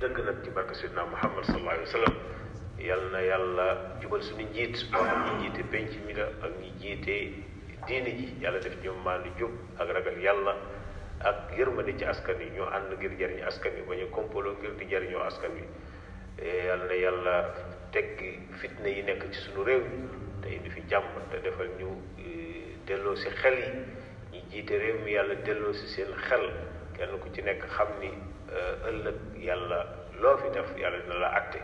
dëgg nag ci barke Seydina Muhammad sallallahu alayhi yal na yàlla jubal suñu njiit moo xam ñi jiite ak ñi jiite diini ji yàlla def ñoom maanu jub ak ragal yàlla ak yërmande ci askan yi ñoo ànd ngir jariñu askan yi ba ñu kompaloo ngir di jariñoo askan wi e, yal na yàlla tekki fitna yi nekk ci suñu réew te indi fi jàmm te defal ñu e, delloo si xel yi ñi jiite réew mi yàlla delloo si seen xel kenn ku ci nekk xam ni euh, ëllëg yàlla loo fi def yàlla dina la àtte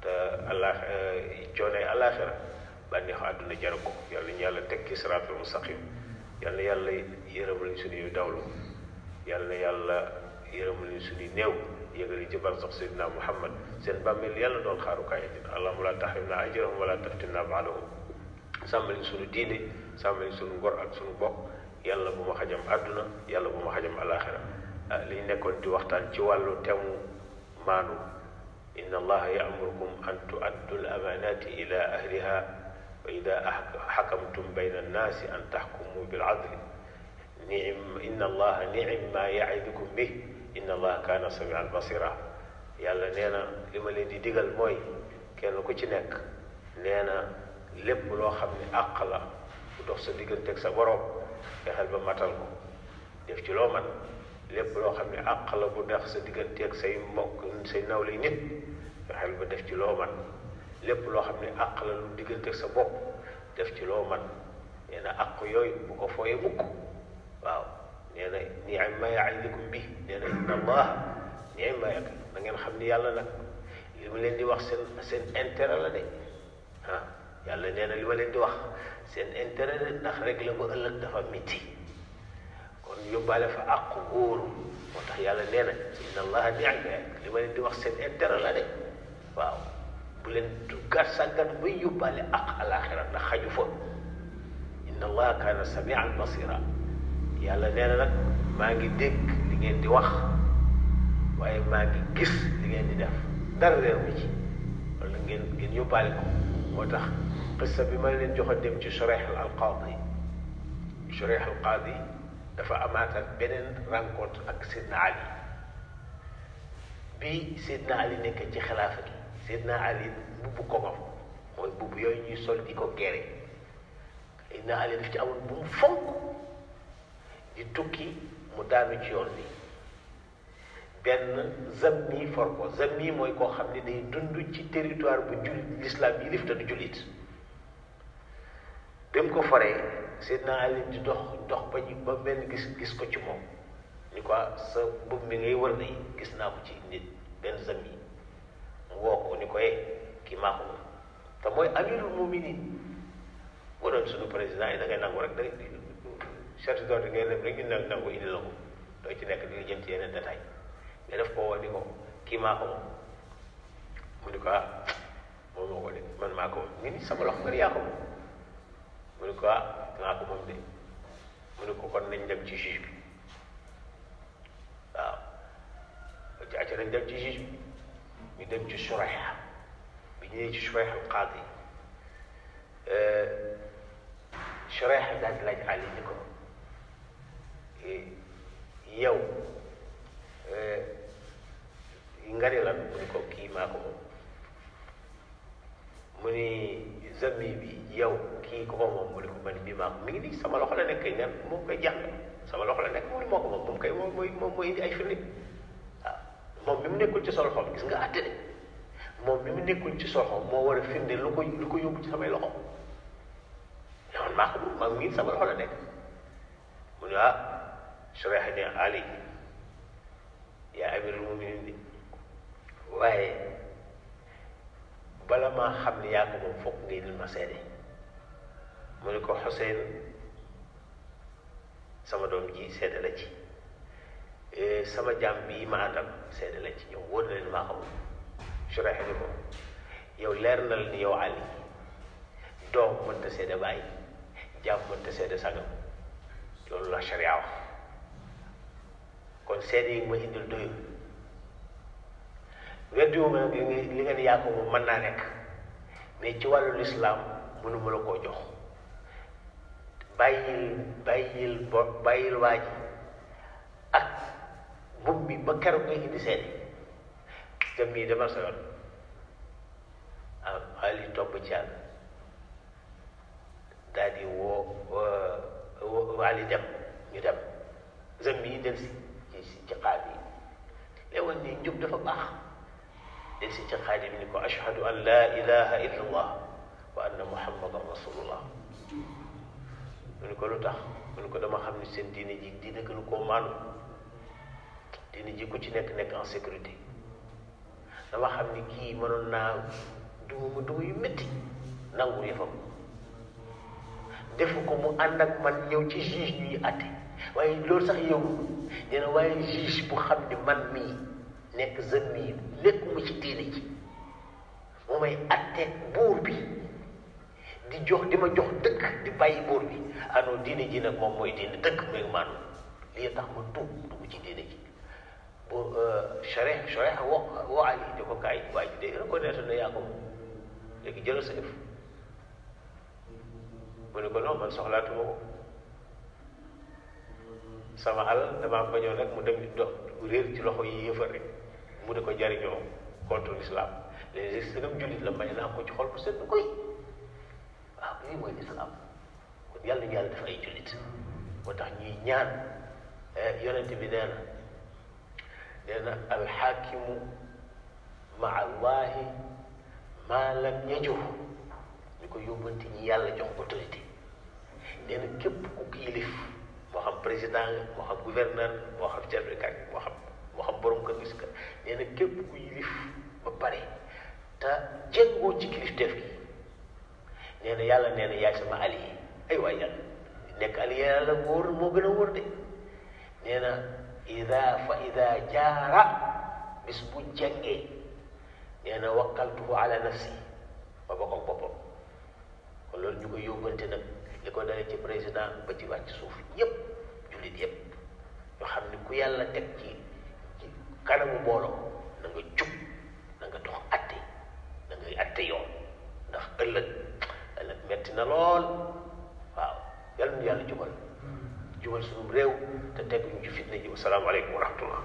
te allah euh, coone alaxira bànneexu àdduna jaru ko yàlla ñu yàlla tekki ci siraatul mustaqim yàlla yàlla yërëmal ñu suñuy dawlu yàlla yàlla yërëmal ñu suñuy néew yëgal ci barsax sayyidina muhammad seen bàmmeel yàlla doon xaarukaay dina allahumma la tahrimna ajrahum wala taftinna baadahum sàmmali suñu diine sàmmali suñu ngor ak sunu bokk yàlla bu xajam àdduna yàlla bu ma xajam alaxira Ah, liñ nekkoon di waxtaan ci wàllu temu maanu inna allaha yaamurukum an tuaddu l amanati ila ahliha wa ida xakamtum bayna annaasi an taxkumu bil adli nicim inna allaha nicim ma yaidukum bi inna allaha kaana samian basira yàlla nee lima li ma leen di digal mooy kenn ku ci nekk nee na lépp loo xam ne àq la bu dox sa digganteeg sa boroom fexeel ba matal ko ci loo lépp loo xam ne àq la bu dex sa diggante ak say mbokk say nawle nit nga xel ba def ci loo man lépp loo xam ne àq la lu diggante sa bopp def ci loo man nee na àq yooyu bu ko fooyee mukk waaw nee na nii ma bi nee ma yàq ngeen xam ni yàlla nag li mu leen di wax seen seen intérêt la de ah yàlla nee na li ma leen di wax seen intérêt la ndax rek la ba ëllëg dafa métti kon yóbbaale fa àqu wóoru moo tax yàlla nee na inna allaha ni'ma li ma leen di wax seen intérêt la de waaw bu leen duggaat sàggat bay yóbbaale àq alaxira ndax xaju fa inna allaha kaana samian basira yàlla nee na nag maa ngi dégg li ngeen di wax waaye maa ngi gis li ngeen di def dara réer mi ci wala ngeen ngeen yóbbaale ko moo tax qissa bi ma leen joxoon dem ci Shurayh al qaadi Shurayh al qaadi dafa amaatal beneen rencontre ak Seydina Ali bi Seydina Ali nekk ci xilaafa gi Seydina Ali mbubb ko moom mooy mbubb yooyu ñuy sol di ko gere Seydina Ali daf ci amul bu mu fonk di tukki mu daanu ci yoon bi benn zammi for ko zammi mooy koo xam ne day dund ci territoire bu jullit l'islam yi lif te du jullit dem ko foree Seydina Ali di dox dox ba ñu ba mel gis gis ko ci moom ni ko ah, sa mbubb mi ngay wër day gis naa ko ci nit benn zami mu woo ko eh, kii maa ko te mooy amirul muminin président yi da ngay nangu rek ngay def rek ñu nangu nangu indi ko jëm ci yeneen détail mais daf koo woo ni ko kii maa ah, moom moo ko de man maa ko sama loxo nga yaa ko moom mu ni ah, maa ko moom de mu ne ko kon nañ dem ci juge ci acca nañ dem ci juge bi ñu ci surax bi ñëwee ci surax al qaadi eh, surax daal di laaj Ali ni ko eh, yow eh, nga ne lan mu ko kii maa ko mu ni zami bi yow kii ko ko moom mu ne ko man bii maa mi ngi nii sama loxo la nekk ñan moom koy jàng sama loxo la nekk moom moo ko moom moom kay moom mooy moom mooy indi ay firnde waaw moom bi mu nekkul ci sa loxo gis nga àtte de moom bi mu nekkul ci sa loxo moo war a firnde lu ko lu ko yóbbu ci samay loxo man maa ko moom maa ngi sama loxo la nekk mu ne ah su waxee ne Ali yaa amirul muminin di waaye bala maa xam ne yaa ko moom foog ngay dil ma seede mu ne ko Xuseen sama doom ji seede la ci eh, sama jaam bii ma àndal seede la ci ñoom wóor na leen maa xamul Surayx ni yow leer na la ni yow àll doom mënta seede bàyyi jaam mënta seede sagam loolu la sharia kon seede yi ma indil doyul weddiwuma nag li nga li moom mën naa nekk mais ci wàllu lislaam mënuma la koo jox bàyyil bàyyil bo bàyyil waa ji ak mbubb mi ba keroog ngay indi seede dem nii demal sa yoon ah waaye li topp ci àll daal di woo waa li dem ñu dem zëm yi del si ci ci xaadim léewoon ni njub dafa baax del si ci xaadim ni ko ashhadu an la ilaha illa allah wa anna muhammadan rasulullah ni ko lu tax mu ni ko dama xam ni seen diine ji diine gënu koo maanu diine ji ku ci nekk nekk en sécurité dama xam ni kii mënoon naa duma mu duma yu métti nangu yëfam defu ko mu ànd ak man ñëw ci juge ñuy àtte waaye loolu sax yow nee na waaye juge bu xam ni man mii nekk jeune mii lépp mu ci diine ji mu may àtte buur bi di jox di ma jox dëkk di payi buur bi anoo ah diine ji nag moom mooy diine dëkk muy maanu lii tax ma tuub dugg ci diine ji bu chare chare woo woo Ali di ko kaay waa sama alal damaa ko ñëw mu dem dox réer ci loxo yi rek mu ne ko jariñoo contre l'islam léegi sëgam jullit la may naa ko ci xol bu sedd koy lii mooy islam kon yàlla yàlla def ay jullit moo tax ñuy ñaan yonent bi nee na nee na alxaakimu maa lam yajuh ñu ko yóbbante ñi yàlla jox autorité nee na képp ku kilif moo xam président moo xam gouverneur moo xam chef de moo xam borom kër gis ka nee képp ku yilif ba pare te jéngoo ci kilifteef gi nee yàlla nee na yaay sama allié ay waay yàlla nekk allié yàlla gën a wóor de nee na fa ida jaara bis bu jàngee nee na waqaltuhu ala nafsi ma ba ko boppam kon loolu ñu nag li ko dalee ci président ba ci wàcc suuf yépp jullit yépp ñoo xam ni ku yàlla teg ci kanamu mbooloo metti na lool waaw yal na yàlla jubal jubal suñu réew te teg ñu ci fitna ji wasalaamaaleykum wa rahmatullah